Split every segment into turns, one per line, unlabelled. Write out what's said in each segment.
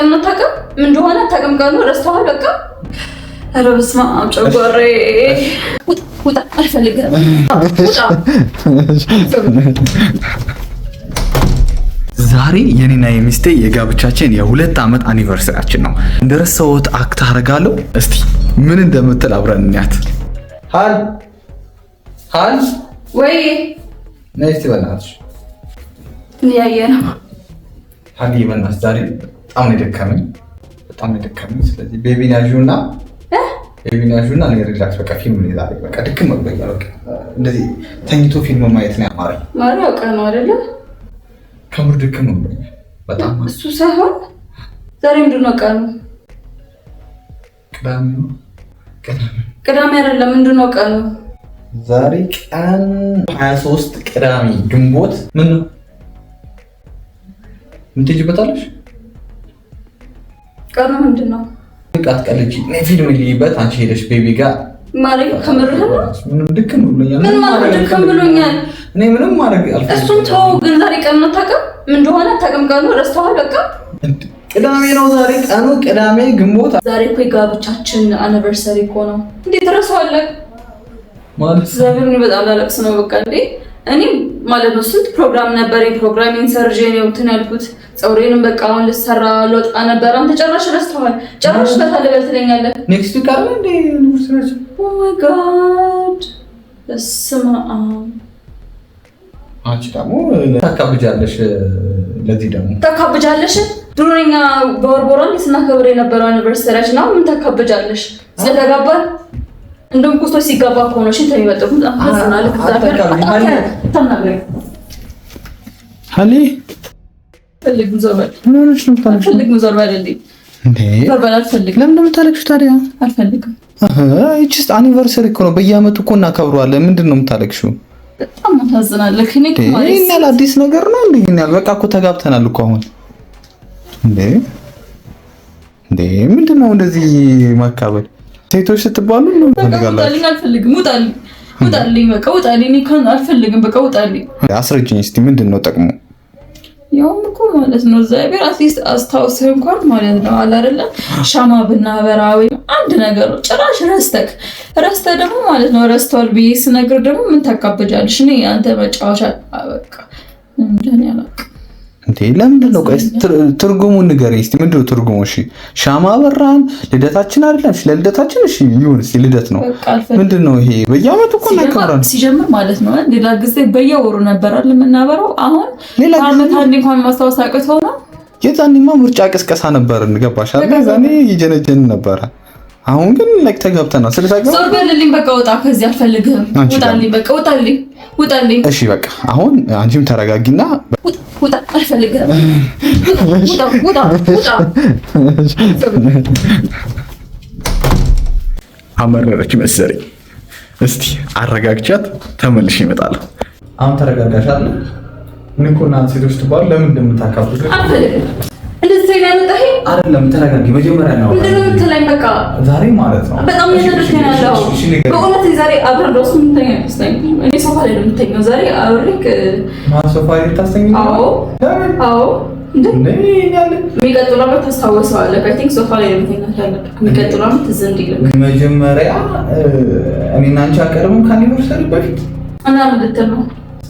ቀን ነው ታውቅም እንደሆነ ታውቅም ቀኑ ረስተዋል። በቃ ኧረ በስመ አብ ጨጓሬ ውጣ፣ አልፈልግም
ዛሬ የኔና የሚስቴ የጋብቻችን የሁለት ዓመት አኒቨርሰሪያችን ነው። እንደረሳሁት አክት አደርጋለሁ። እስቲ ምን እንደምትል አብረን እንያት። ሀል ሀል ወይ ነይ እስቲ በእናትሽ እያየ ነው ሀል ይመናስ ዛሬ በጣም ነው የደከመኝ፣ በጣም ነው የደከመኝ። ስለዚህ ቤቢን እና ቤቢን እና እኔ ሪላክስ በቃ ፊልም ነው ዛሬ በቃ ድክም መቅበያ በቃ እንደዚህ ተኝቶ ፊልም ማየት ነው ያማረኝ።
ማሪ አውቀ ነው አይደለ?
ከምር ድክም መቅበያ በጣም
እሱ ሳይሆን ዛሬ ምንድን ነው ቀኑ?
ቅዳሜ ነው። ቅዳሜ
ቅዳሜ አይደለም። ምንድን ነው ቀኑ?
ዛሬ ቀን 23 ቅዳሜ ግንቦት ምን ነው የምትሄጂበታለሽ?
ቀኑ ምንድን ነው?
ቃትቀልጅ ፊልም ልይበት አንቺ ሄደሽ ቤቢ ጋር
ማድረግ ከምርህ ነው።
ምንም ድክም ብሎኛል።
ምን ማለት ድክም ብሎኛል?
እኔ ምንም ማድረግ አልፈ
እሱን ተው። ግን ዛሬ ቀኑን አታውቅም ምን እንደሆነ አታውቅም። ቀኑ ረስተዋል። በቃ
ቅዳሜ ነው ዛሬ ቀኑ ቅዳሜ ግንቦት።
ዛሬ እኮ የጋብቻችን አኒቨርሰሪ እኮ ነው። እንዴት ረሳዋለህ? ማለት በጣም ላለቅስ ነው በቃ እንዴ እኔ ማለት ነው ስንት ፕሮግራም ነበር የፕሮግራሚንግ ኢንሰርዥ ነው እንትን ያልኩት። ፀጉሬንም በቃ አሁን ልሰራ ልወጣ ነበር። አንተ ጨራሽ ረስተዋል። ጨራሽ በታለበት ትለኛለህ።
ኔክስት ዊክ አለ እንዴ ዩኒቨርሲቲ?
ኦ ማይ ጋድ በስመ አብ።
አንቺ ደግሞ ታካብጃለሽ፣ ለዚህ ደግሞ
ታካብጃለሽ። ድሮኛ በወርቦራ ስናከብር የነበረው ዩኒቨርሲቲያችን አሁን ምን ታካብጃለሽ? ስለተጋባል እንደውም ቁስቶች ሲጋባ ከሆነ ሽንት የሚመጠቁት አፈዝናል።
አኒቨርሰሪ እኮ ነው፣ በየአመቱ እኮ እናከብረዋለን። ምንድን ነው የምታለቅሽው? አዲስ ነገር ነው እንዴ? ይህን ያህል በቃ እኮ ተጋብተናል እኮ አሁን እንዴ! ምንድን ነው እንደዚህ ማካበል ሴቶች ስትባሉ
ውጣልኝ፣ አልፈልግም፣ ውጣልኝ፣ ውጣልኝ፣ በቃ ውጣልኝ፣ አልፈልግም፣ በቃ ውጣልኝ።
አስረጅኝ እስኪ ምንድን ነው ጠቅሙ?
ያውም እኮ ማለት ነው እግዚአብሔር አትሊስት አስታውስህ እንኳን ማለት ነው አለ ሻማ ብናበራ ወይም አንድ ነገር ነው። ጭራሽ ረስተክ ረስተ ደግሞ ማለት ነው ረስተዋል ብዬ ስነግር ደግሞ ምን ታካበጃለሽ? እኔ አንተ መጫወቻ በቃ እንደ እኔ አላውቅም
ለምንድን ነው? ትርጉሙ ንገረኝ እስኪ። ምንድን ነው ትርጉሙ? እሺ ሻማ በራን ልደታችን አይደለም? እሺ ለልደታችን፣ እሺ ይሁን፣ እስኪ ልደት ነው። ምንድን ነው ይሄ? በየዓመቱ እኮ እናከብራለን።
ሲጀምር ማለት ነው ሌላ ጊዜ በየወሩ ነበር አይደል የምናበረው። አሁን ሌላ አመት አንዴ እንኳን ማስታወስ አቅቶናል።
የዛኔማ ምርጫ ቅስቀሳ ነበር። ገባሽ? ዛኔ ይጀነጀን ነበረ አሁን ግን ለቅተ ገብተናል። ስለታገበ ዞር
በልልኝ፣ በቃ ወጣ፣ ከዚህ አልፈልግህም። ውጣልኝ፣ በቃ ውጣልኝ፣ ውጣልኝ።
እሺ በቃ አሁን አንቺም ተረጋጊና
ውጣ፣ አልፈልግህም። ውጣ፣ ውጣ፣ ውጣ።
አመረረች መሰለኝ። እስቲ አረጋግቻት ተመልሼ እመጣለሁ። አሁን ተረጋጋሻለሁ። ንቁና ሴቶች ትባሉ ለምን እንደምታካፍሉ አይደለም ተረጋጊ። መጀመሪያ ነው
እንደው የምትለኝ በቃ
ዛሬ ማለት ነው
በጣም ያለው በእውነት ዛሬ አብረን እኔ ሶፋ ላይ ነው የምተኛው ዛሬ አብሬክ
ማን ሶፋ ላይ አዎ አዎ። እንዴ አይ ቲንክ ሶፋ ላይ መጀመሪያ እኔና አንቺ አቀርብም ካኒቨርሰሪ በፊት
እና ምንድን ነው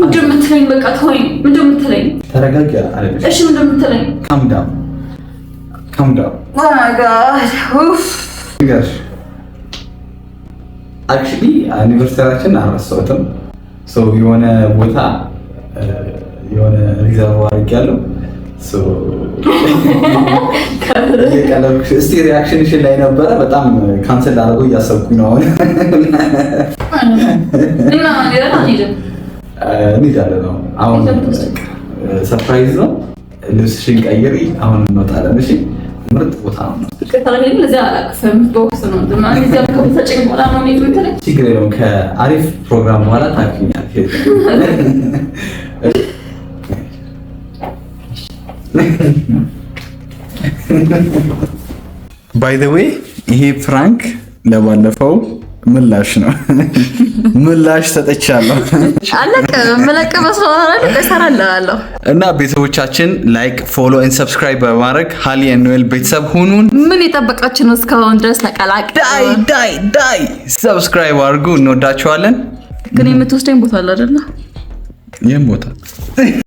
ምንድን የምትለኝ? በቃ ተወኝ። ምንድን የምትለኝ? ተረጋጋ። እሺ ምንድን የምትለኝ?
አኒቨርሰሪያችን oh አልረሳሁትም። የሆነ ቦታ የሆነ ሪዘርቭ አድርጌያለሁ። እስቲ ሪያክሽንሽን ላይ ነበረ። በጣም ካንስል አድርገው እያሰብኩኝ ነው አሁን ነው? አሁን ሰርፕራይዝ ነው። ልብስሽን ቀይሪ፣ አሁን እንወጣለን። እሺ ምርጥ ቦታ ነው። ችግር የለውም። ከአሪፍ ፕሮግራም በኋላ ታክኛል። ባይ ዘ ዌይ ይሄ ፍራንክ ለባለፈው ምላሽ ነው። ምላሽ ሰጠቻለሁ።
አለቀ። መለቀ እሰራለሁ።
እና ቤተሰቦቻችን ላይክ፣ ፎሎ ኤንድ ሰብስክራይብ በማድረግ ሀሊ ኤንድ ኖኤል ቤተሰብ ሁኑን።
ምን የጠበቃችን ነው? እስካሁን ድረስ ተቀላቅ
ዳይ ዳይ ዳይ ሰብስክራይብ አድርጉ። እንወዳችኋለን።
ግን የምትወስደኝ ቦታ አለ አይደለ?
ይህም ቦታ